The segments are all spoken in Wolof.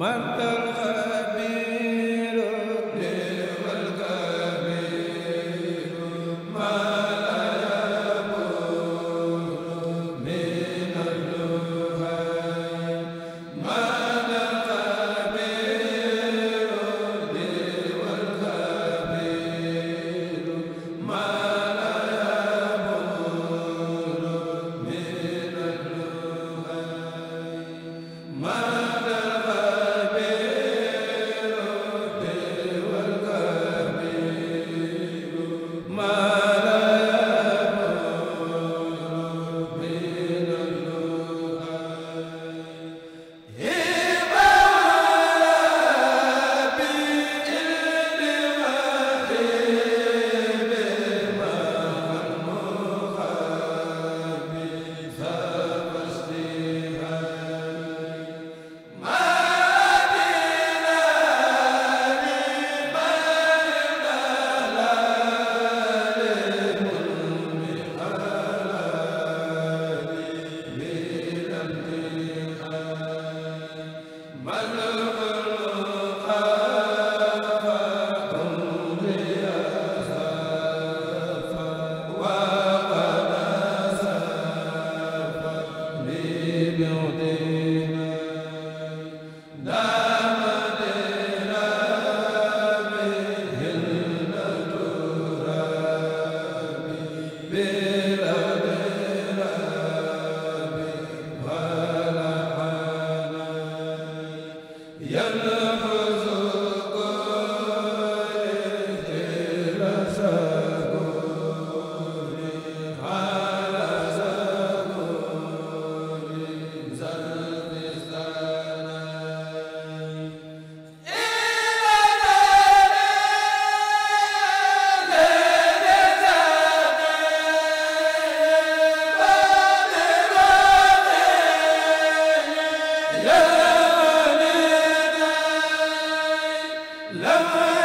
ma la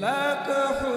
laka